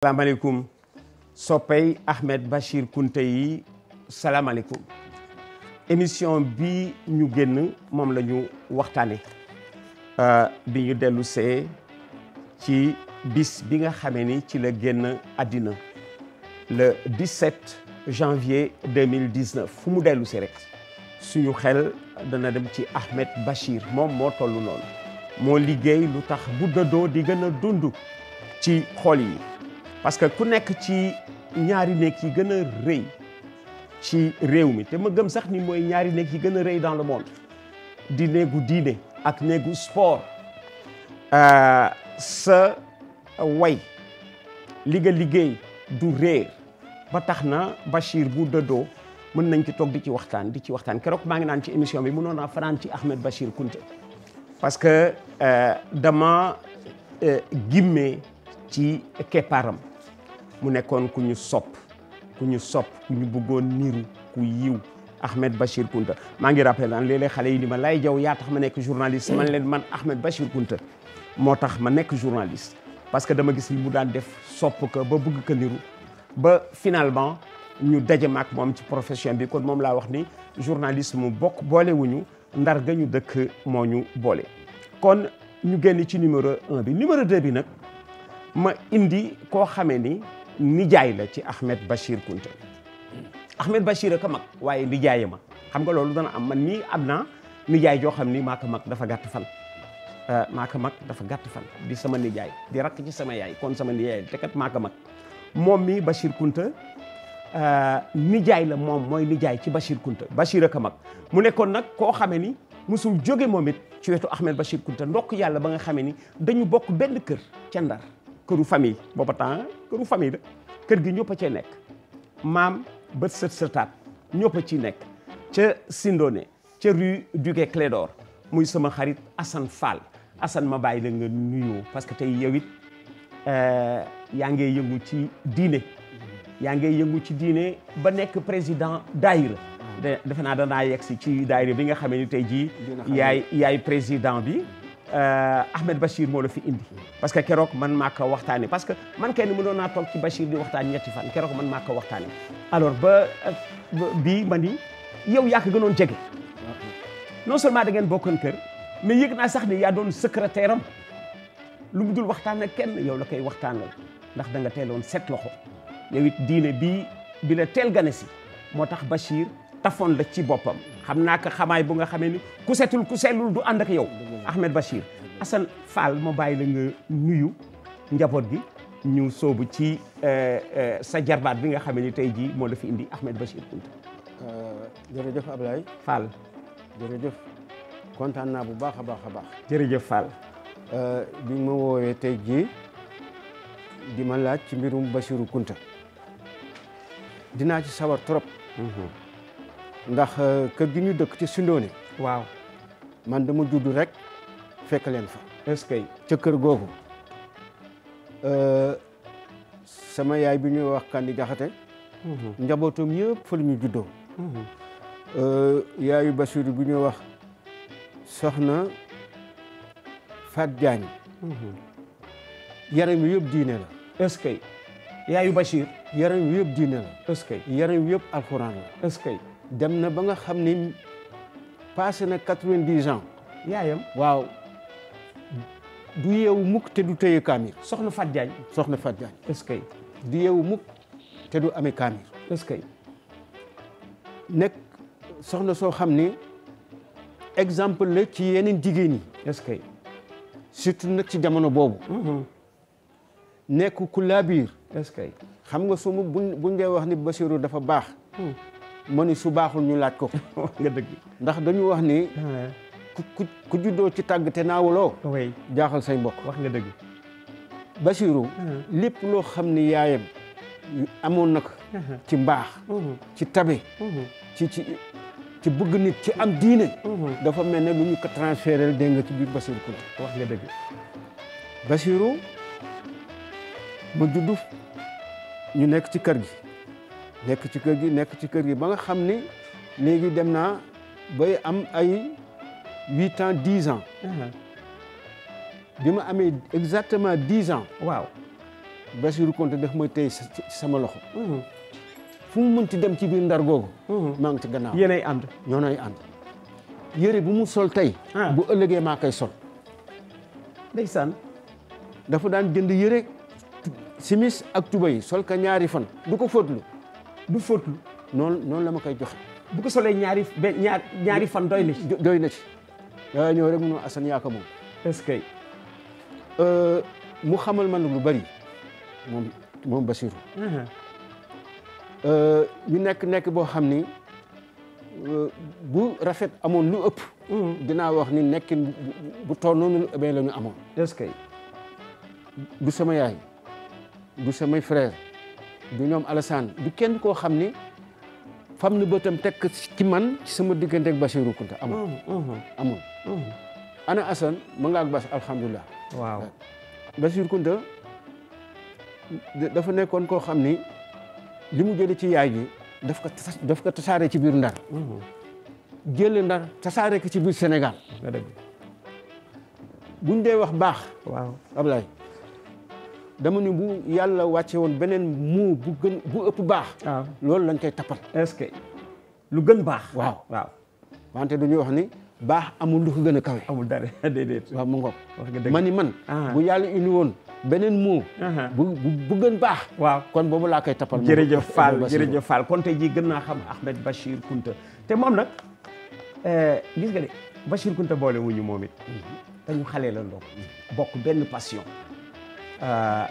salaamaaleykum soppey Ahmed Bachir Kounta yi salaamaaleykum émission bi ñu génn moom la ñu waxtaane euh, bi ñu dellusee ci bis bi nga xamee ni ci la génn àddina le 17 janvier 2019 fu mu dellu rek suñu xel dana dem ci Ahmed Bachir moom moo toll noonu moo liggéey lu tax bu dëddoo di gën a dund ci xool yi parce que ku nekk ci ñaari néeg yi gën a rëy ci réew mi te ma gëm sax ni mooy ñaari néeg yi gën a rëy dans le monde di néegu diine ak néegu sport euh, sa way li liggéey du réer ba tax na Bachir bu dëddoo mën nañ ci toog di ci waxtaan di ci waxtaan keroog maa ngi naan ci émission bi mënoon naa fanaan ci Ahmed Bachir Kounta parce que euh, dama euh, gimmee ci keppaaram mu nekkoon ku ñu sopp ku ñu sopp ku ñu bëggoon niru ku yiw Ahmed Bachir Kounta maa ngi rappelé naan léeg xale yi ni ma lay jaw yaa tax ma nekk journaliste man leen man Ahmed Bachir Kounta moo tax ma nekk journaliste parce que dama gis li mu daan def sopp ko ba bëgg ko niru ba finalement ñu daje maak moom ci profession bi kon moom laa wax ni journalisme mu bokk boolewuñu ndar ga ñu dëkk moo ñu boole kon ñu génn ci numéro un bi numéro deux bi nag ma indi koo xamee ni nijaay la ci Ahmed Bachir Kounta Ahmed Bachir ak a mag waaye nijaay ma xam nga loolu dana am man mii am naa nijaay joo xam ni maa mag dafa gàtt fan euh, maa mag dafa gàtt fan di sama nijaay di rakk ci sama yaay kon sama nijaay te kat maa mag moom mii Bachir Kounta euh, nijaay la moom mooy nijaay ci bashir Kounta Bachir ak mag mu nekkoon nag koo xamee ni musul jóge moom it ci wetu Ahmed Bachir Kounta ndokk yàlla ba nga xamee ni dañu bokk benn kër ca Ndar këru famille booba këru famille kër gi ñëpp a cee nekk maam ba sët sëtaat ñëpp a ciy nekk ca Sindone ca rue du Quai Clédor muy sama xarit Assane Fall Assane ma bàyyi la nga nuyoo parce que tey yow it euh, yaa ngi yëngu ci diine yaa ngi yëngu ci diine ba nekk président daayira mm. defe naa danaa yegg si ci daayira bi nga xamee ni tey jii yaay yaay président bi Euh, Ahmed Bachir moo la fi indi parce que keroog man maa ko waxtaanee parce que man kenn mënoon naa toog ci Bachir di waxtaan ñetti fan keroog man maa ko waxtaanee alors ba bii ma ni yow yaa ko gënoon jege non seulement da ngeen bokkoon kër mais yëg naa sax ni yaa doon secrétaire am lu mu waxtaan kenn yow la koy waxtaanal ndax da nga teeloon set loxo yow it diine bi la teel gane si moo tax Bachir. tafoon la ci boppam xam naa ka xamaay bu nga xamee ni ku setul ku sellul du ànd ak yow Ahmed Bachir Assane Fall ma bàyyi la nga nuyu njaboot gi ñu soobu ci euh, euh, sa jarbaat bi nga xamee ni tey jii moo la fi indi Ahmed Bachir Kounta euh, jërëjëf Ablaye Fall jërëjëf kontaan naa bu baax a baax a baax jërëjëf Fall bi ma woowee tey jii di laaj ci mbirum Bachirou Kounta dinaa ci sawar trop mhm. ndax euh, kër gi ñu dëkk ci Sindoni. waaw man dama judd rek fekk leen fa. est-ce ca kër googu euh, sama yaay bu ñuy wax kandi jaxate mhm. njabootam yëpp fa la ñu juddoo. Mhm. Euh, yaayu Basiru bu ñuy wax soxna Fat Diagne. Mhm. yaram wi yëpp diine la. est-ce que yaayu Bachir. yaram wi yëpp diine la. est-ce que yaram wi yëpp alxuraan la. est-ce que dem na ba nga xam ni passé na quatre-vingt-dix ans. yaayam waaw. du yeewu muk te du tëye kaamir. soxna Fat Diagne. soxna Fat Diagne. est-ce que. du yeewu mukk te du amee kaamir. est nekk soxna soo xam ni exemple la ci yeneen jigéen ñi. est-ce que. surtout nag ci jamono boobu. Mm-hmm. nekk ku laabiir. est-ce xam nga su ma buñ wax ni Basiru dafa baax. Mm. ma ni su baaxul ñu laaj ko. nga ndax dañu wax ni. Ah. ku juddoo ci tàgg te naawuloo. jaaxal say mbokk. wax nga dëgg. Basiru. Ah. lépp loo xam ni yaayam amoon na ko. Ah. ci mbaax. Mhm. ci tabe. Mhm. ci ci ci bëgg nit ci am diine. Mhm. dafa mel ne lu ñu ko transféré dégg nga ci biir Basiru Kunta. wax nga dëgg. Basiru ma juddu ñu nekk ci kër gi. nekk ci kër gi nekk ci kër gi ba nga xam ni léegi dem naa bay am ay huit ans dix ans. bi ma amee exactement dix ans. waaw Bassirou Konté daf may tey sama loxo. fu mu mënti dem ci biir ndar googu. maa ngi ci gannaaw yéenay ànd. ñoonay ànd yëre bu mu sol tey. Ah. bu ëllëgee maa koy sol. ndeysaan. dafa daan jënd yëre simis ak tuba yi sol ka ñaari fan du ko fóotlu. du fóotlu noonu noonu la ma koy joxe bu ko solee ñaari ñaar ñaari fan doy na ci doy na ci yaa ñëw rek mu ne Assane yaa ko moom est-ce que euh, mu xamal man lu bari moom moom Basiru uh-huh. euh, ñu nekk nekk boo xam ni euh, bu rafet amoon lu ëpp mm-hmm. dinaa wax ni nekkin bu toll noonu ëppee eh la ñu amoon est-ce que du sama yaay du samay frère du ñoom Alassane du kenn koo xam ni fam na bëtam tekk ci man sama diggante ak Bassirou Kounta amul amul ana Assane ma nga ak Bass alhamdulilah waaw dafa nekkoon koo xam ni li mu jële ci yaay ji daf ko ko tasaare ci biir ndar jële ndar tasaare ko ci biir Sénégal buñ dee wax baax waaw dama ni bu yàlla wàccee woon beneen muu bu gën bu ëpp baax. waaw loolu lañ koy tappal. est-ce que lu gën baax. waaw waaw. wante du ñuy wax ni baax amul lu ko gën a kawe. amul dara déedéet. mu ngoog. wax nga dëgg ma ni man. Ah. bu yàlla indi woon beneen muu. Uh-huh. bu bu gën baax. waaw kon boobu laa koy tappal. jërëjëf Fall jërëjëf Fall kon tey jii gën naa xam Ahmed Bachir Kounta te moom nag eh, gis nga de Bachir Kounta boole moom it. Mm-hmm. dañu xale la loo bokk benn passion. Euh,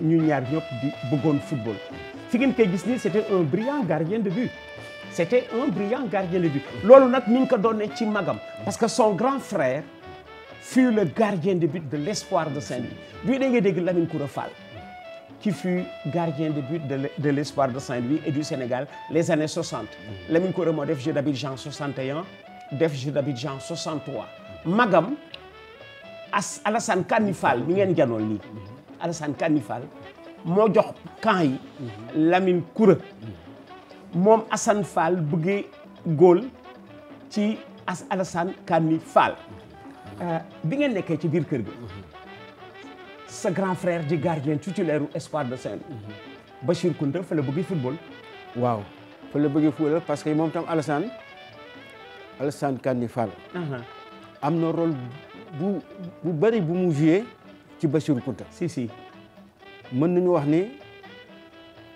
ñu ñaar ñëpp di bëggoon football fi ngeen koy gis nii c'était un brillant gardien de but c'était un brillant gardien de but loolu nag ñu ngi ko doonee ci magam parce que son grand frère fut le gardien de but de l'espoir de Saint-Louis bii da ngay dégg Lamine Koura Fall qui fut gardien de but de l'espoir de Saint-Louis et du Sénégal les années 60 Lamine Koura moo def jeu d'Abidjan 61 def jeu d'Abidjan 63 magam as Alassane Kani Fall mi ngeen janool nii Alassane Kani moo jox camp yi Lamine Koura moom Assane Fall bëggee góol ci as Alassane Kani euh, bi ngeen nekkee ci biir kër gi sa grand frère di gardien titulaire u Espoir de Saint-Louis Bachir Kounta la bëggee football waaw fa la bëggee football parce que moom tam Alassane Alassane Kani Fall am na rôle bu bu bu mu ci Bassirou Kouta si mën nañu wax ni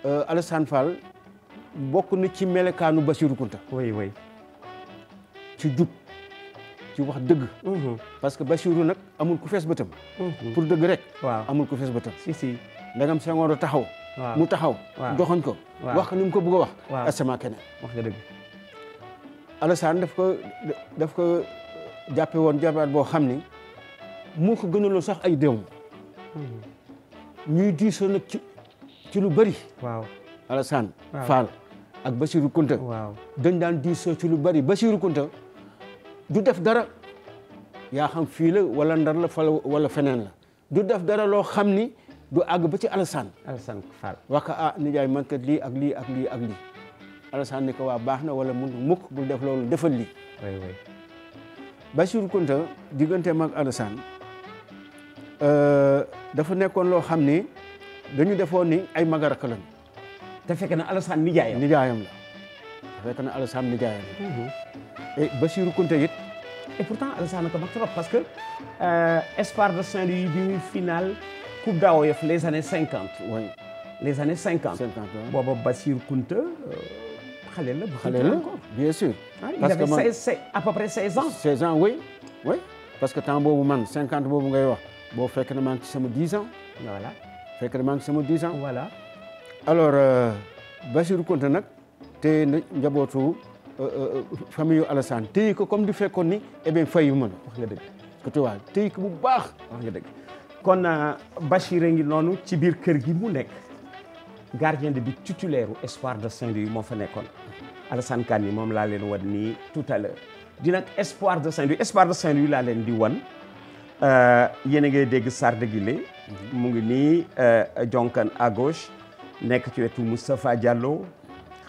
euh, Alassane Fall bokk na ci melekaanu Bassirou Kouta oui oui ci jub ci wax dëgg mm-hmm. parce que Bassirou nag amul ku fees bëtam mm-hmm. pour dëgg rek waaw amul ku fees bëtam si si ndagam Senghor a taxaw mu taxaw doxañ ko wax ko ni mu ko bëgg a wax asama keneen wax nga dëgg daf ko daf ko jàppe woon jàppaat boo xam ni mu ko gënaloon sax ay démb ñuy diisoo nag ci ci lu bëri. waaw Alassane. ak basiru Kounta. waaw dañ daan diisoo ci bari bëri Bassirou du def dara yaa xam fii la walla ndar la fala wala feneen la du def dara loo xam ni du àgg ba ci Alassane. Alassane Fall wax ko ah nijaay man kat lii ak lii ak lii ak li Alassane ni ko waa baax na wala mun mukk bu def loolu defal lii. oui oui Bassirou Kounta digganteem ak Euh, dafa nekkoon loo xam ni dañu defoon ni ay magaraka lañu. te fekk na Alassane nijaayam nijaayam la. te fekk na Alassane nijaayam la. Mhm. et Bassirou Kounta it. et pourtant ko mag trop parce que euh, Espoir de Saint-Louis bi muy final Coupe d'AOF les années cinquante. oui les années cinquante. cinquante waaw booba Bassirou Kounta euh, xale la. xale la bien sûr. Ah, parce que man seize à peu près seize ans. seize ans oui parce que temps boobu man cinquante boobu ngay wax. boo fekk na maa ngi ci sama 10 ans. voilà fekk na maa ngi sama 10 ans. voilà alors euh, Bassirou Konté nag te njabootu euh, euh, famille yu Alassane téye ko comme du fekkoon ni eh bien fayu ma wax nga dëgg. que tu vois ko bu dëgg. kon Bachir a ngi noonu ci biir kër gi mu nekk gardien de but titulaire u Espoir de saint yi moo fa nekkoon Alassane Kane moom laa leen wan nii tout à l'heure di nag Espoir de Saint-Louis Espoir de saint yi laa leen di wan. Euh, yéen a ngay dégg Sarde Guilé mhm. mu ngi nii euh, jonkan à nekk ci wetu Moustapha Diallo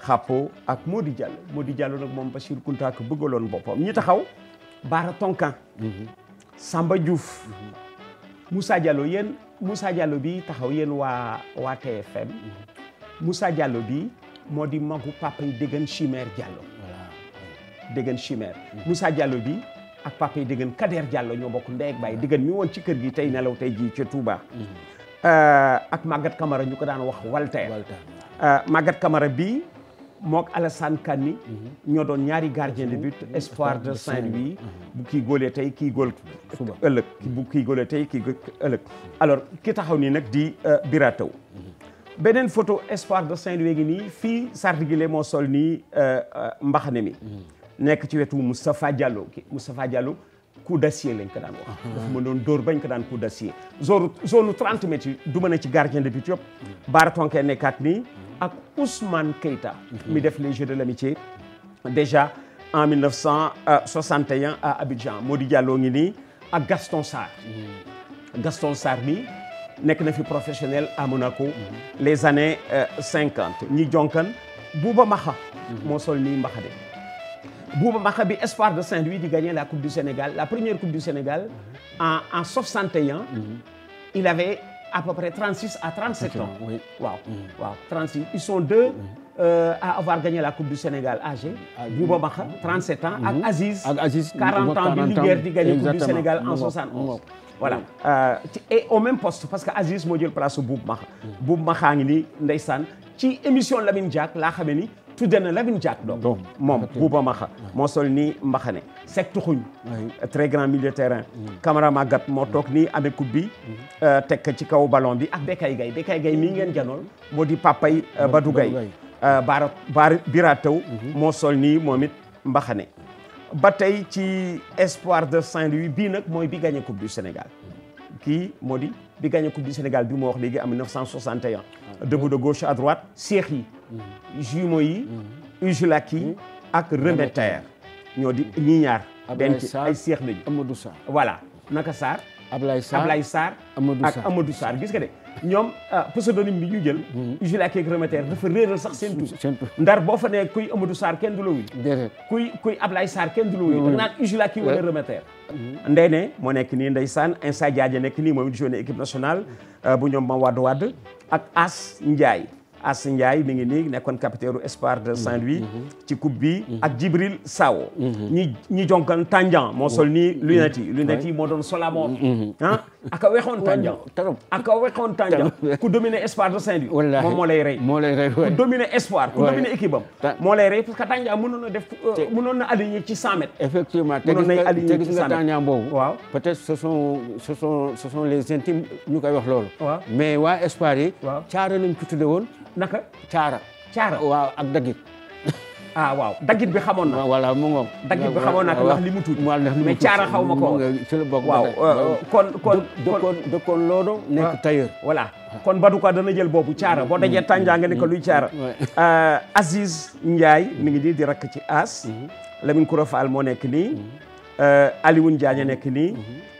Xapo ak moo Mody Diallo Mody Diallo nag moom ba Kounta ko bëggaloon boppam ñi taxaw Baara Tonkan mhm. sàmba Diouf mhm. Moussa Diallo yéen Moussa Diallo bi taxaw yéen waa waa TFM Moussa Diallo bi moo di magu papa yi Dégane Chimère Diallo Dégane Chimère Moussa bi ak papa yi dëggan Kader ñoo bokk ndey ak baay dëggan mi woon ci kër gi tey nelaw tey jii ci Touba. Euh, ak Maguette kamara ñu ko daan wax Walter. Euh, Maguette kamara bii mook Alassane Kani mhm. ñoo doon ñaari gardien de but mhm. espoir de Saint-Louis. bu kii góolee tey kii góol ëllëg bu kii góolee tey kii góol ëllëg mhm. alors ki taxaw nii nag di euh, Birataw beneen photo espoir de Saint-Louis gi nii fii Sardigile moo sol nii mbaxane mi nekk ci wetu Moustapha Diallo Moustapha Diallo coup d'acier lañ ko daan wax. dafa mënoon dóor bañ ko daan coup d'acier. zone zone 30 mètres yi du mën ci gardien de but yëpp. Baara Tonke nekkaat nii. ak Ousmane Keita. mi def les Jeux de l'amitié déjà en 1961 à Abidjan Mody Diallo ngi nii ak Gaston Sarr. Gaston Sarr bi nekk na fi professionnel à Monaco. les années 50 euh, ñi jonkan Bouba Maxa. Mm-hmm. moo sol nii Mbaxade. Bouba Bakha bi espoir de Saint-Louis di gagner la coupe du Sénégal la première coupe du Sénégal en en 61 mhm. il avait à peu près 36 à 37 ans waaw mhm. waaw 36 ils sont deux mhm. Euh, à avoir gagné la Coupe du Sénégal âgé ah, Bouba Bakha 37 ans ak Aziz ak Aziz 40 ans bi Linguère di gagné Coupe du Sénégal en 71 voilà euh, et au même poste parce que Aziz moo jël place su Bouba Bakha Bouba Bakha ngi nii ndeysaan ci émission Lamine Diack laa xamee ni tudde na Lamine Diack doom moom Bouba Maxa moo sol nii mbaxane Seck Tuxuñ très grand milieu terrain mm. Camara Magat moo toog nii amee coupe bi mm. euh, teg ci kaw ballon bi ak Bekay Gay Bekay Gay mii ngeen janool moo di papay euh, Badou Gay euh, baara baar Bira Taw mm-hmm. moo sol nii moom it mbaxane ba tey ci espoir de Saint-Louis bii nag mooy bi gagné coupe du Sénégal kii moo di bi gagné coupe du Sénégal bi moo wax léegi am 1961 ah. debout de gauche à droite seex yi Mm-hmm. jumeaux yi. Mm-hmm. Ujulak yi mm-hmm. ak Rebeter ñoo di ñii ñaar. Ablaye Sarr ay seex lañu Amadou Sarr voilà naka Sarr. Ablaye Sarr Ablaye Sarr ak Amadou Sarr gis nga de ñoom euh, pseudonyme bi ñu jël. Ujulak ak dafa réeral sax seen tur. ndar boo fa ne kuy Amadou Sarr kenn du la wuyu. kuy kuy Ablaye Sarr kenn du la wuyu. da nga naan Ujulak wala Rebeter. ndey moo nekk nii ndeysaan Insa Diagne nekk nii moom it joué na équipe nationale euh, bu ñoom ma wadd wadd ak As Ndiaye. Ass Ndiaye mi ngi nii nekkoon capitaine Espoir de Saint-Louis mhm. Mhm. ci coupe bi mhm. ak ñi jonkan Tandian moo sol nii lunettes yi lunettes moo doon solamoon ah aka wexoon Tandian aka wexoon Tandian ku dominer Espoir de Saint-Louis moom moo lay moo lay rey ku dominer Espoir ku dominer équipe moo lay parce que Tandian mënoon na def euh, mënoon na aligner ci cent mètres effectivement mënoon na aligner ci cent mètres Tandian boobu waaw peut-être ce sont ce sont ce sont les intimes ñu koy wax loolu mais waa Espoir naka caara caara waaw ak daggit ah, waaw daggit bi xamoon na voilà mu ngoog daggit bi xamoon na ko ndax li mu tuuti mais caara xaw ma ko waaw euh, kon kon kon dëkkoon loodo nekk ah. tailleur voilà kon baduka dana jël boobu caara boo dajee mm-hmm. tànjaa nga ne ko luy mm-hmm. caara euh, Aziz Ndiaye mi ngi nii di rakk ci As mm-hmm. Lamine Koura Fall moo nekk nii euh, Alioune Diagne nekk nii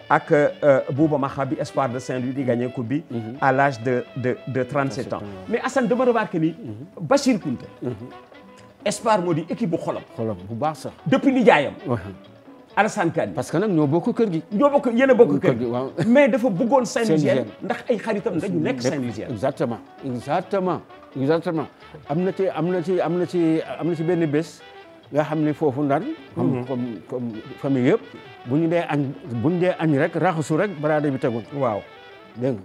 ak euh, Bouba Maxa bi espoir de Saint-Louis di gagné coupe bi. Mhm. à l'âge de de de 37 ans. mais Assane dama remarqué ni. Mhm. Bachir Kounta. Mhm. espoir moo di équipe bu xolam. xolam bu baax sax. depuis nijaayam. Alassane Kane parce que nag ñoo bokk kër gi. ñoo bokk yéen a bokk kër gi waaw mais dafa bëggoon Saint-Louisien ndax ay xaritam dañu nekk Saint-Louisien. exactement exactement exactement am na ci am na ci am na ci am na benn bés nga xam ne foofu ndar. comme comme yëpp. bu ñu dee añ bu ñu dee añ rek raxasu rek baraada bi tegu. waaw dégg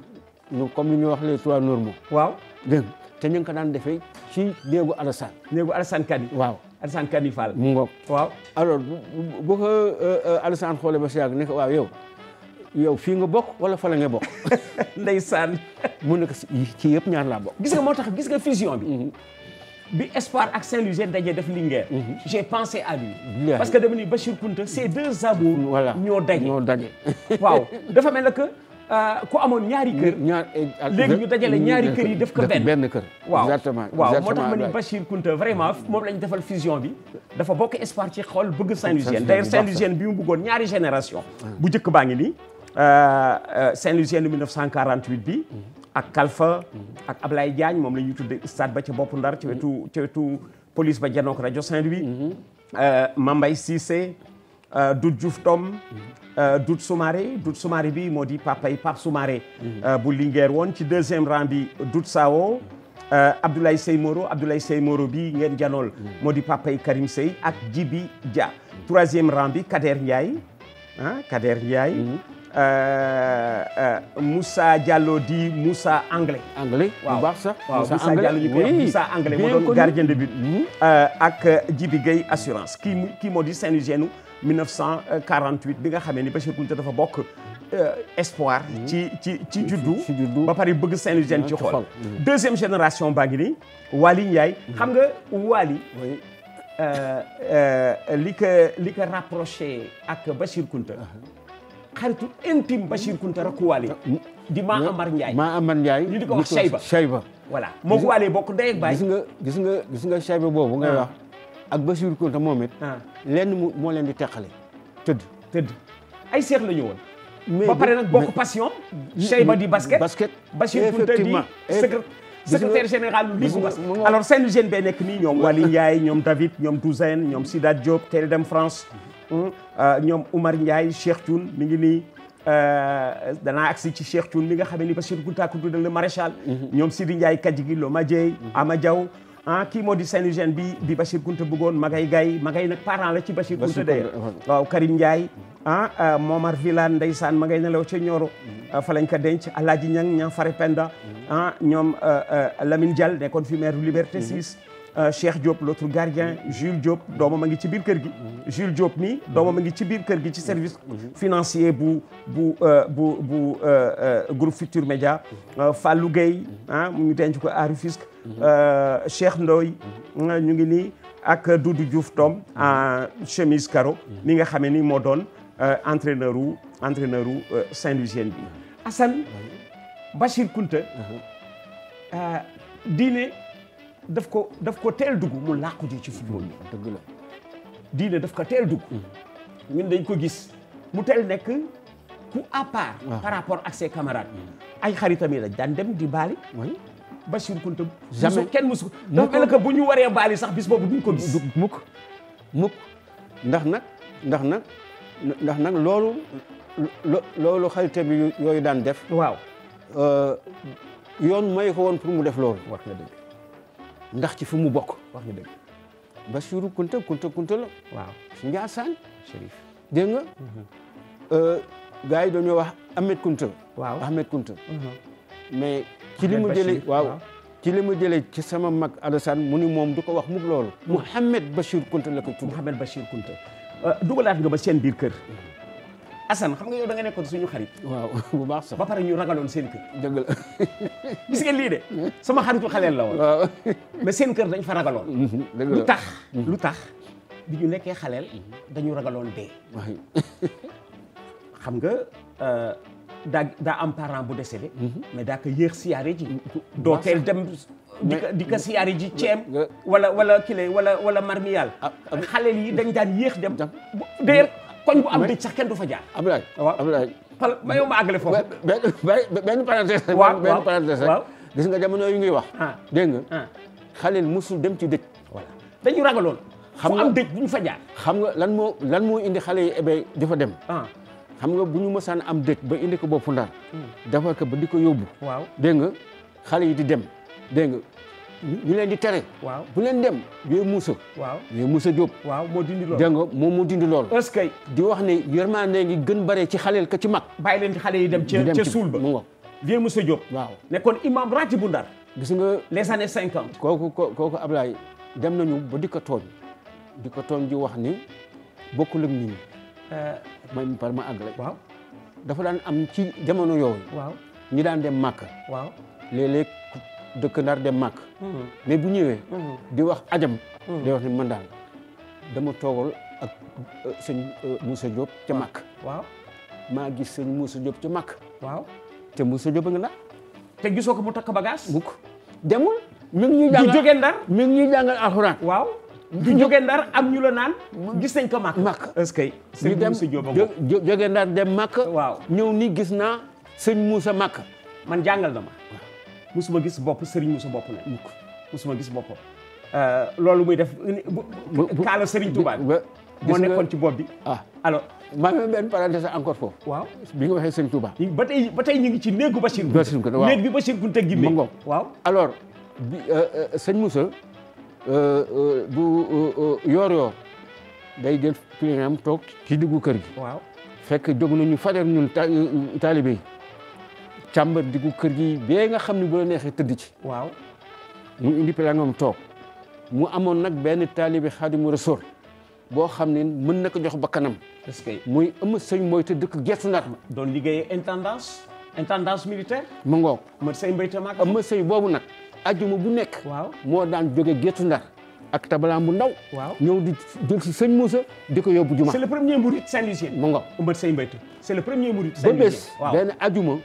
nga ñu comme ni ñuy wax les trois mu waaw dégg te ñu ngi ko daan defee ci néegu Alassane. néegu Alassane Kadi. waaw Alassane Kadi Fall. mu ngoog waaw. alors bu ko euh, euh, Alassane xoolee ba si yàgg ne ko waaw yow yow fii nga bokk wala fa la nga bokk. ndeysaan. mu ne ko ci yëpp ñaar laa bokk. gis nga moo tax gis nga fusion bi. Mm-hmm. bi Espoir ak Saint-Louis daje def Linguère. Mhm. j'ai pensé à lui. parce que dama ni Bachir Kounta deux abos. ñoo daje ñoo daje. waaw dafa mel ne que euh, ku amoon ñaari kër. ñaar léegi ñu dajale ñaari kër def ko benn. kër exactement. waaw waaw moo tax vraiment moom lañ defal fusion bi. dafa bokk Espoir ci xol bëgg Saint-Louisienne d'ailleurs Saint-Louisienne bi mu bëggoon ñaari génération. bu njëkk baa ngi nii euh, euh, Saint-Louisienne 1948 bi. Mhm. ak Kalfa ak Ablaye Diagne moom la ñuy tuddee stade ba ca boppu Ndar ci wetu ci wetu police ba janook rajo Saint-Louis mhm. euh, Mambay Cissé euh, Doudou Diouf Tom mhm. euh, Doudou Soumaré Doudou Soumaré bi moo di papay par Soumaré mhm. bu Linguère woon ci deuxième rang bi Doudou Sawo Abdoulaye Sey Moro Abdoulaye Sey Moro bi ngeen janool moo di papay Karim Sey ak Djibi Dia troisième rang bi Kader Ndiaye ah Kader Ndiaye Euh, euh, Moussa jàlloo di Moussa Anglais. Anglais bu baax sax. waaw Moussa Diallo ñu koy wax Moussa Anglais moo doon gardien de but. Euh, ak Djibi Gueye assurance kii mu kii moo di Saint-Louisienne 1948 bi nga xamee ni Bachir Kounta dafa bokk espoir. Mm-hmm. ci ci ci juddu. ba pare bëgg Saint-Louisienne ci ah, xool. Mm-hmm. deuxième génération baa ngi nii Waly Ndiaye. Mm-hmm. xam nga Waly. li ko li ko ak Bachir Kounta. Uh-huh. xaritu intime Bachir Kounta rakku Waly ah, di maa Amar Ndiaye ma Amar Ndiaye ñu di ko wax Chayba Chayba voilà moo ko bokk ndey ak baay gis nga gis nga gis nga Chayba boobu ngay ah. wax ak Bachir Kounta ah. moo leen di teqale tëdd tëdd ay seex ñu woon ba pare nag bokk passion Chayba di basket basket Bachir Kounta di secrétaire général ligu bas alors seen jeune bee nekk nii ñoom Waly Ndiaye ñoom David ñoom Toussaint ñoom Sidat Diop teel dem France Euh, ñoom Umar Ndiaye Cheikh Thioune mi ngi nii euh, danaa agsi ci Cheikh Thioune mi nga xam ne ni Bassirou Gouta tuddal le maréchal mhm. ñoom si Sidi Ndiaye Kadjigi Loma Dieye mhm. Ama Diaw ah kii moo di Saint Eugène bi bi Bachir Kounta bëggoon Magay Gaye Magay nag parent la ci Bachir Kounta day waaw Karim Ndiaye ah euh, Momar villan ndeysaan ma ngay nelaw ca Nioro mhm. fa lañ ko denc Alaaji Ñang ñang Fare Penda ah ñoom Lamine jal nekkoon fi maire Liberté 6 Euh, Cheikh Diop l'autre gardien Jules Diop doomam a ngi ci biir kër gi Jules Diop mi doomam a ngi ci biir kër gi ci service financier bu bu euh, bu bu euh, groupe Futur Média Fallou Gueye ah ñu denc ko à Rufisque Cheikh Ndoye ah, ñu ngi nii ak Doudou Diouf doom en chemise carreau mi nga xamee ni moo doon entraîneur wu entraîneur wu Saint-Louisien bi Assane Bachir Kounta uh-huh. diine daf ko daf ko teel dugg mu làqu ji ci football bi. dëgg la diine daf ko teel dugg. Mm. ñun dañ ko gis mu teel nekk ku à part. Ah. par rapport ak ses ay xaritam yi lañ daan dem di baali. Bachir Kounta. jamais kenn musu ko. dafa mel que bu ñu waree baali sax bis boobu duñ ko gis. mukk mukk ndax nag ndax nag ndax nag loolu loolu xarita bi yooyu daan def. waaw euh, yoon may ko woon pour mu def loolu. wax ndax ci fu mu bokk wax nga dëgg Bachirou Kunta Kunta Kunta la waaw Ndiassane Chérif dégg nga mhm. euh, gars yi dañoo wax Ahmed Kunta waaw Ahmed Kunta mhm. mais ci li mu jëlee waaw ci li mu jëlee ci sama mag Alassane mu ni moom du ko wax mukk loolu Mouhamed Bachir Kunta la ko tudd Mouhamed Bachir Kunta euh, dugalaat nga ba seen biir kër mm. Assane xam nga yow da nga nekkoon suñu xarit. waaw bu baax sax ba pare ñu ragaloon seen kër. dëgg gis ngeen lii de sama xaritu xaleel la woon. waaw mais seen kër dañ fa ragaloon. Mhm, lu tax mhm. lu tax bi ñu nekkee xaleel dañu ragaloon dee. xam nga euh, daa daa am parent bu décédé. Mhm. mais daa ko yéex siyaare ji. doo teel dem. di siyaare ji ceeb. wala wala kile wala wala marmiyal. Ah, ah, xaleel yi dañ daan yéex dem. d'ailleurs koñ bu am dëj sax kenn du fa jaar. Abdoulaye Abdoulaye. Ah, xala ma yow ma àggale foofu. benn parenthèse. waaw benn parenthèse rek. gis nga jamono yu ngi wax. Ah. dégg nga. Ah. xale musul dem ci dëj. voilà dañu ragaloon. xam nga am dëj bu ñu fa xam nga lan moo lan moo indi xale yi ebe di fa dem. xam nga bu ñu mësaan am dëj ba indi ko boppu ndar. Hmm. defar ko ba di ko yóbbu. waaw dégg nga xale yi di dem dégg nga. ñu leen di tere. waaw bu leen dem yooyu Moussa. waaw yooyu Moussa Diop. waaw moo dindi lool dégg nga moom dindi lool. est que di wax ne yërmande ngi gën bare ci xaleel ka ci mag. bàyyi leen ci xale yi dem ca ca suul ba mu wax. vieux Moussa Diop. waaw nekkoon imam rajo bu Ndar. gis nga les années cinquante. kooku kooku Ablaye dem nañu ba di ko tooñ di ko tooñ di wax ni bokkul ak nit ñi. Euh, man par ma àgg rek. dafa daan am ci jamono yooyu. waaw ñu daan dem makk waaw dëkk ndar dem màkk mhm. mais bu ñëwee mhm. di wax ajam mhm. day wax ne man daal dama toogal ak euh, sëñ euh, Moussa Diop ca màkk waaw maa gis sëñ Moussa Diop ca màkk waaw te Moussa Diop a nga te gisoo ko mu takk bagaas mukk demul mi ngi ñuy jàngal jóge ndar mi ngi ñuy jàngal alxuraan waaw di jóge ndar am ñu la naan gis nañ ko màkk màkk est-ce que sëñ Moussa Diop jóge dem màkk waaw ñëw ni gis naa sëñ Moussa màkk man jàngal na ma musuma gis bopp sëriñ musu bopp nag mukk musuma gis boppam euh, loolu muy def kaala sëriñ Touba moo nekkoon ci bopp bi ah alors maa ngi benn parenthèse encore foofu waaw bi nga waxee sëriñ Touba ba tey ba tey ñu ngi ci néegu Bachir Bachir Kounta néeg bi Bachir Kounta Guimé mu ngoog waaw alors bi euh, euh, sëñ Moussa bu yoor day jël client am toog ci diggu kër gi waaw fekk jóg nañu fajar ñun taalibe yi càmbar diggu kër gi bee nga xam ne bu la neexee tëdd ci. waaw mu indi mu toog mu amoon nag benn taalibi xaadimu rasul boo xam ne mën na ko jox bakkanam. est que muy ëmm sëñ mooy te dëkk gerte ndar ma. doon liggéeyee intendance intendance militaire. mu ngoog ma sëñ mbéyte maag. ëmm sëñ boobu nag. ajjuma bu nekk. waaw moo daan jóge gerte ndar. ak tabalaam bu ndaw. waaw ñëw di jël si sëñ Moussa di ko yóbbu juma. c'est le premier mouride saint-louisien. mu ngoog ëmm sëñ mbéyte. c'est le ba bés benn ajjuma.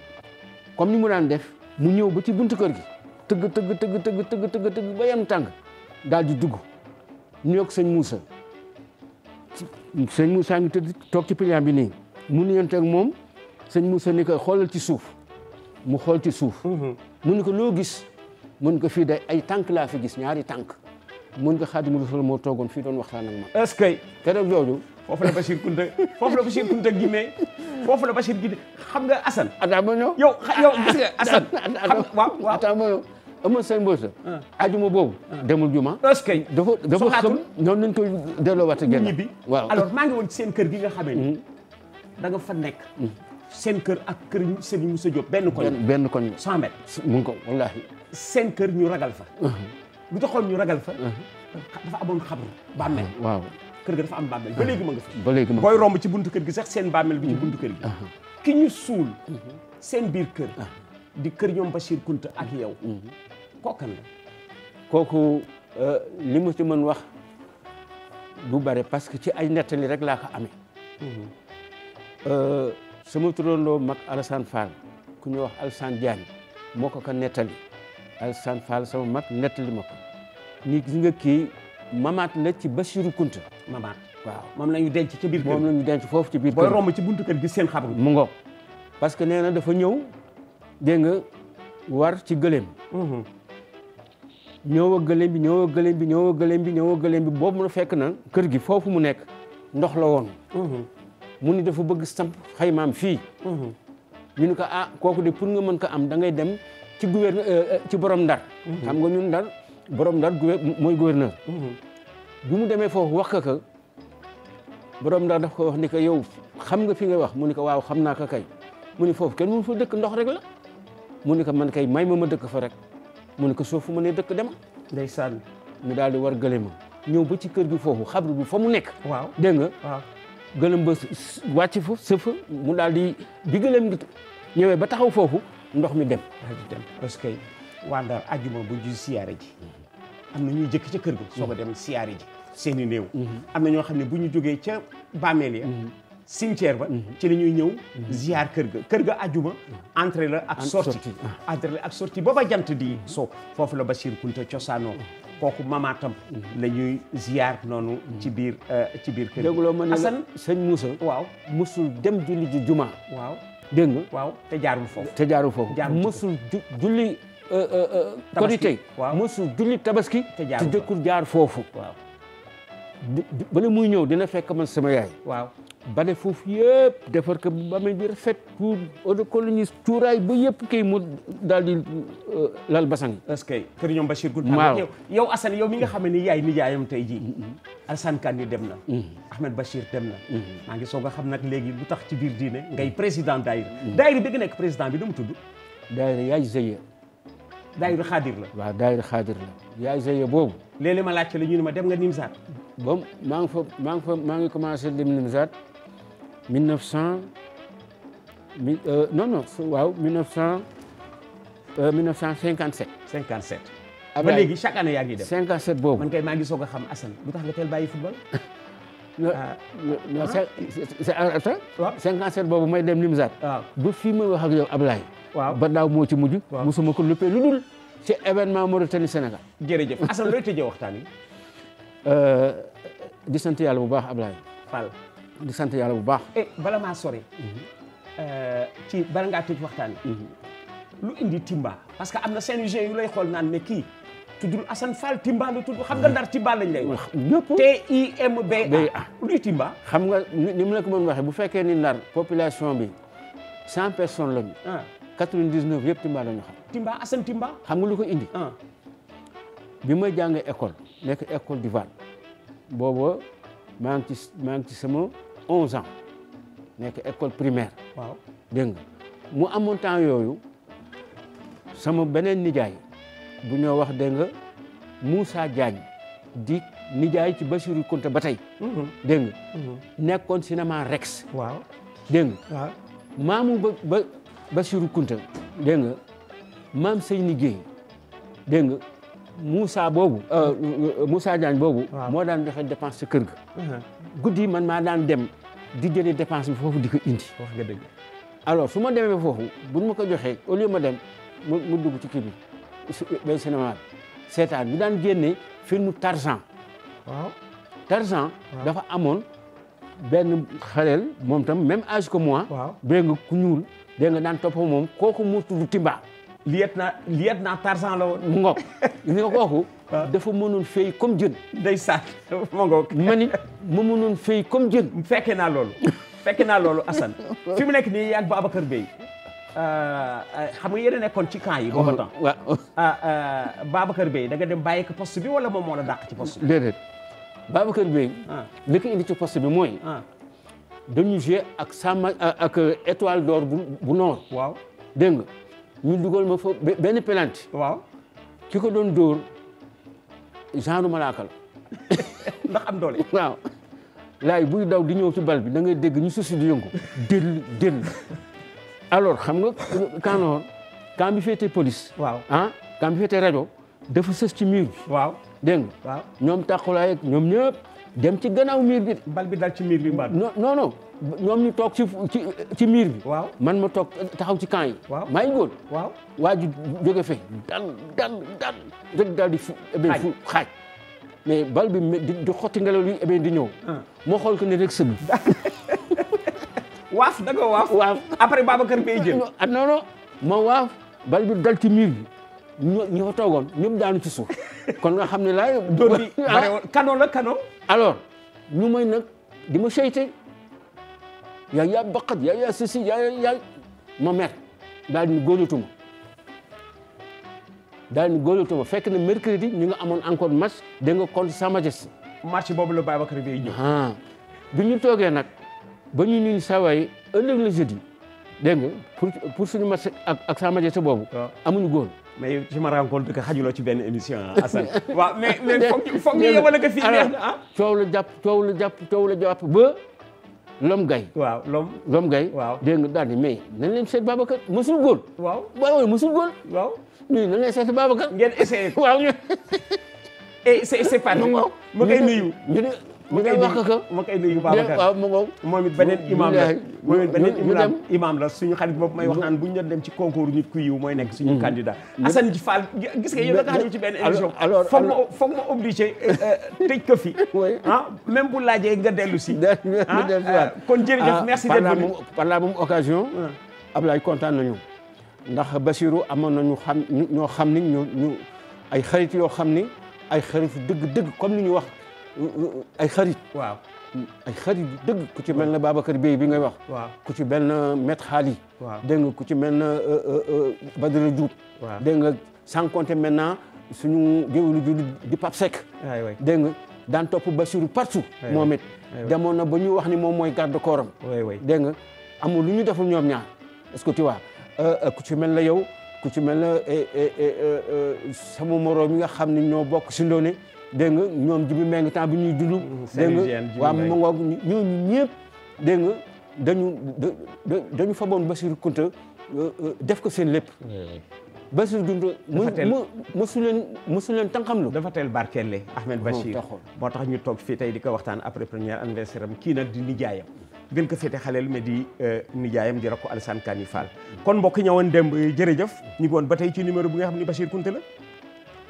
comme ni mu daan def mu ñëw ba ci buntu kër gi tëgg tëgg tëgg tëgg tëgg tëgg tëgg ba yem tàng daal di dugg ñu sëñ muusa sëñ Moussa ngi tëdd toog ci pilier bi nii mu nuyonteeg moom sëñ Moussa ni ko xoolal ci suuf mu xool ci suuf. Mm-hmm. mun ni ko loo gis mun ko fii day ay tànk laa fi gis ñaari tànk mun ko Xaadimu Rasuul moo toogoon fii doon waxtaan ak man. est-ce que keroog jooju. foofu la Bachir Kounta foofu la Bachir Kounta Guinée foofu la Bachir Guinée xam nga Assane. a ma ñëw yow yow gis nga Assane. xam waaw waaw ataa ma ñëw amoon seen mbos la. Ah. ajuma boobu. Ah. demul juma. est dafa dafa xam noonu nañu koy delloowaat ak gànnaaw ñibbi waaw maa ngi woon ci seen kër gi nga xamee ni. Hmm. da nga fa nekk. Hmm. seen kër ak kër Serigne Moussa Diop benn koñ. benn koñ 100 mètres. ko wallaahi. seen kër ñu ragal fa. Hmm. bu ñu ragal fa. dafa amoon xabru bàmmeel waaw. kër ga dafa am bàmmeel ba léegi ma nga fa ba léegi ma booy romb ci buntu kër gi seen bàmmeel bi ci buntu kër gi ki ñu suul seen biir kër di kër ñoom Bachir Kunta ak yow kookan la kooku euh, li mu ci mën wax du bare parce que ci ay nettali rek laa ko amee euh, sama turandoo mag Alassane Fall ku ñuy wax Alassane Diagne moo ko ko nettali Alassane Fall sama mag nettali ma ko ni gis nga mamaat la ci Basiru Kunta mamaat waaw moom la ñu denc ci biir kër moom la ñu denc foofu ci biir kër booy romb ci buntu kër gi seen xabru mu ngoog parce que nee na dafa ñëw dégg nga war ci gëléem mm-hmm. ñëw a bi ñëw a bi ñëw gëléem bi ñëw a bi boobu mu fekk na kër gi foofu mu nekk ndox la woon mm-hmm. mu ni dafa bëgg samp maam fii mm-hmm. ñu ni ko ah kooku de pour nga mën ko am da ngay dem ci gouverneur euh, euh, ci borom ndar xam nga ñun ndar borom ndar mooy gouverneur mhm. bu mu demee foofu wax ka ka borom ndar daf ko wax ni ko yow xam nga fi ngay wax mu ni ko waaw xam naa ko kay mu ni foofu kenn mënu foo dëkk ndox rek la mu ni ko man kay may ma ma dëkk fa rek mu ni ko soo fu ma nee dëkk dema ndeysaan mu daal di war gëlëm ñëw ba ci kër gi foofu xabru bi fa mu nekk waaw dégg nga waaw gëlëm ba wàcc fa sëfa mu daal di bi gëlëm gi ñëwee ba taxaw foofu ndox mi dem dem parce waa Ndar ajjuma bu na ñuy jëkk ca kër ga dem siyaare ji seen i néew mhm. am na ñoo xam ne bu ñu jogee ca bàmmeel ya mhm. cimetière ba mhm. ci la ñuy ñëw ziar kër ga kër ga ajuma entrée la ak sortie ah. entrée la ak sortie ba ba jant di soo foofu la Bachir Kunta cosaanoo kooku mamaatam la ñuy ziar noonu ci biir euh, ci biir kër dégloo ma ne Assane sëñ Moussa waaw musul dem julli ji juma waaw te jaarul foofu te musul julli korite mësul julli tabaski te dëkkul jaar foofu waaw bala muy ñëw dina fekk man sama yaay waaw bale foofu yëpp defar ko ba mu di rafet pour eau de colonie cuuraay ba yëpp kay mu daal di euh, lal basang est-ce que kër ñoom Bachir Goul waaw yow Assane yow mi nga xam ne yaay nijaayam tey jii Alassane mm-hmm. Kane dem na mm-hmm. Ahmed Bachir dem na mm-hmm. maa ngi soog a xam nag léegi lu tax ci biir diine ngay président daayira daayira bi nga nekk président bi nu mu tudd daayira yaay Zeye daayiru xaadir la waaw daayiru xaadir la yaay seye boobu léeg-léeg ma laajte la ñu ne ma dem nga Nimzaat bon maa ngi fa maa ngi fa maa ngi commencé dem Nimzaat mille neuf cent mi euh, non non waaw mille neuf cent euh, mille neuf cent cinquante sept ngi dem cinquante sept boobu man kay maa xam Assane lu tax nga teel bàyyi football non ah. Ah. boobu may dem Nimzaat waaw ah. ba fi may wax ak yow Ablaye waaw ba daaw moo ci mujj. waaw mosuma ko luppee lu dul ci événement Mauritanie Sénégal. jërëjëf Assane looy tëjee waxtaan yi. Euh, di sant yàlla bu baax Ablaye. Fall di sant yàlla bu baax. eh bala maa sori. Mhm. Euh, ci bala ngaa tëj waxtaan yi. Mhm. lu indi Timba parce que am na seen UG yu lay xool naan ne kii. tuddul Assane Fall Timba la tudd xam nga mhm. ndar Timba lañ lay wax. ñëpp T-I-M-B-A. luy Timba. xam nga ni mu la ko mën waxee bu fekkee ni ndar population bi cent personnes lañu. Ah. 99 yëpp Timba la ñu xam. Timba Assane Timba. xam nga ko indi. Ah. bi ma jàng école nekk école d'Ivoire booba maa ngi ci maa ngi ci sama 11 ans nekk école primaire. waaw dégg nga mu amoon temps yooyu sama beneen nijaay bu ñoo wax dégg nga Moussa Diagne di nijaay ci Bassirou Kounta ba tey. Mm-hmm. dégg mm-hmm. nekkoon cinéma Rex. waaw maamu ba. ba Bassirou Kounta dégg nga maam Seyni Guèye dégg nga Moussa boobu euh, euh, Moussa Diagne boobu. moo daan joxe dépense ci kër ga. Uh-huh. guddi man maa daan dem di jëlee dépense bi foofu di ko indi. wax nga dëgg alors su ma demee foofu bu ma ko joxee au lieu ma dem mu dugg ci kii bi benn euh, cinéma bi seetaan ñu daan génne film Tarzan. waaw Tarzan dafa amoon. benn xaleel moom itam même âge ko moi. waaw dégg nga ku ñuul dégg nga daan topp moom kooku mu tudd Timba. liet na liet naa Tarzan la woon. mu nga kooku. dafa mënoon fay comme jën. ndeysaan ma ngoog. man mu ma mënoon fay comme jën. fekkee naa loolu fekke naa loolu Assane fi mu nekk nii yaag Babacar Beye euh, euh, xam nga yéen nekkoon ci camp yi. booba oh, temps waaw ah, euh, Babacar Beye da nga dem bàyyi ko poste bi wala moom moo la dàq ci poste bi. Babacar Mbengue ah. li ko indi ci poste bi mooy ah. dañu joué ak sama ak euh, étoile d'or bu noor waaw nga ñu dugal ma fa benn pelanti ki ko doon dóor genre malaakal ndax am doole waaw laay buy daw di ñëw ci bal bi da ngay dégg ñu susi di yëngu dëll dëll alors xam nga kanoor kan bi féetee police waaw ah kan bi féetee rajo dafa sës ci mur dégg nga waaw ñoom taxulaay ak ñoom ñëpp dem ci gannaaw miir bi. bal bi dal ci miir bi mbaa non non ñoom ñu toog ci ci miir bi. waaw man ma toog taxaw ci camp yi. waaw maa ngi góor. waaw waa ji jóge fe dal dal dal rek di fu. xaaj fu xaaj mais bal bi di xotti ngelaw li ebe di ñëw. Ah. moo xool ko ne rek sëb. waaf da nga waaf. waaf après Babacar Mbaye jël. Ah, non non ma waaf bal bi dal ci miir bi. ñu fa toogoon ñëpp daanu ci suuf kon nga xam ne laay. di kano la kano. alors ñu may nag di ma seyte yaa yaa baqat yaa yaa sisi yaa yaa ma mer daal di góolatuma daal di góolatuma fekk na mercredi ñu nga amoon encore match dégg nga contre Sa Majesté. match boobu la Babacar Beye ñëw. Ah. bi ñu toogee nag ba ñu nuyu saa waay ëllëg la jeudi dégg nga pour pour suñu match ak ak Sa Majesté boobu. Ah. amuñu góol. mais je me rends compte que xajuloo ci benn émission ah Assane. waaw a mais foog ñu foog ñu yebale ko fii neex ah. coow la jàpp coow la jàpp coow la jàpp ba. Lom Gay. waaw Lom. Lom Gay. waaw dégg nga daal di mais nañ leen seet Babacar mosul góol. waaw waaw mosul góol. waaw ñun nañ leen seet Babacar. ngeen essayé ko waaw ñu. Eh, et c'est c'est pas. mu ngi nuyu mu koy wax ko ma koy nuyu Babacar moom it beneen imam la moom it la suñu xarit moom may wax naan bu ñu doon dem ci concours ñu ku yiw mooy nekk ñu mm-hmm. candidat mm-hmm. Assane ji Fall gis nga yow da ngaa ñëw ci benn émission foog ma foog ma obligé euh, euh, tëj ko fi ah, même bu laajee nga dellu si ah euh, kon jërëjëf ah, merci d'être venu par la même occasion Ablaye kontaan nañu ndax Basirou amoon na ñu xam ñoo xam ni ñu ñu ay xarit yoo xam ni ay xarit dëgg-dëgg comme nu ñu wax ay xarit. waaw ay xarit dëgg ku ci mel ne Babacar Bey bi ngay wax. waaw ku ci mel ne Maître Khali. waaw dégg nga ku ci mel ne euh, euh, euh, Badara Diouf. waaw dégg nga sans compter maintenant suñu géwélu ju di Pape Seck. dégg nga daan topp Bassirou partout. moom it demoon na ba ñu wax ni moom mooy garde corps am. dégg nga amul lu ñu deful ñoom ñaar est-ce que tu vois ku ci mel na yow ku ci mel ne eh, eh, eh, sama moroom yi nga xam ne ñoo bokk si ndoone dégg nga ñoom jibi meng temps bi ñuy dund mmh, dégg nga waaw ma ngoog ñooñu ñëpp dégg nga dañu dañu faboon Bassirou Kounta euh, euh, def ko seen lépp mmh. Bassirou Kounta mu mosu leen mosu leen tànqamlu dafa teel barkeelle Ahmed Bachir moo tax ñu toog fii tey di ko waxtaan après première anniversaire am kii nag di nijaayam gën ko féete xaleel mais di euh, nijaayam di rakku Alassane Kani Fall mmh. kon mbokk dem démb jërëjëf ñu ngi ba tey ci numéro bu nga xam ni Bassirou Kounta la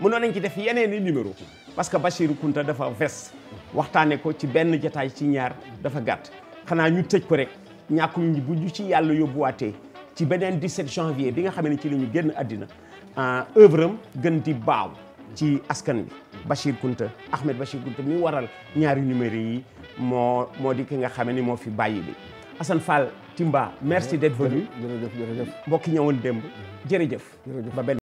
mënoon nañ ci def yeneen i numéro parce que Bachirou Kounta dafa ves waxtaane ko ci benn jataay ci ñaar dafa gàtt xanaa ñu tëj ko rek ñàkkuñ ñi bu ñu ci yàlla yóbbuwaatee ci beneen 17 janvier bi nga xam ne ci la ñu génn àddina œuvre am gën di baaw ci askan bi Bachir Kounta Ahmed Bachir Kounta mi waral ñaari numéro yi moo moo di nga xam ni moo fi bàyyi bi Assane Fall Timba merci d'être venu mbokki ñëwoon démb mm-hmm. jërëjëf